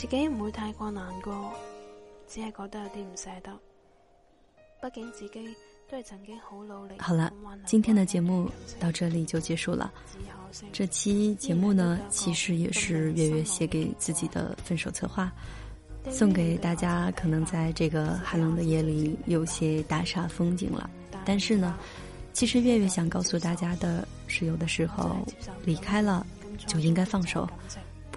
自己唔會太過難過，只係覺得有啲唔捨得。畢竟自己都係曾經好努力。好了，今天的節目到這裏就結束了。這期節目呢，其實也是月月寫給自己的分手策劃，送給大家。可能在這個寒冷的夜裏有些大煞風景了，但是呢，其實月月想告訴大家的是，有的時候離開了就應該放手。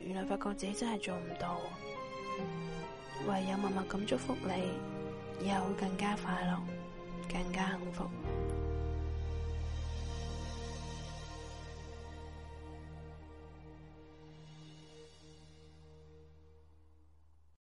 原來發覺自己真係做唔到，唯有默默咁祝福你，以後會更加快樂，更加幸福。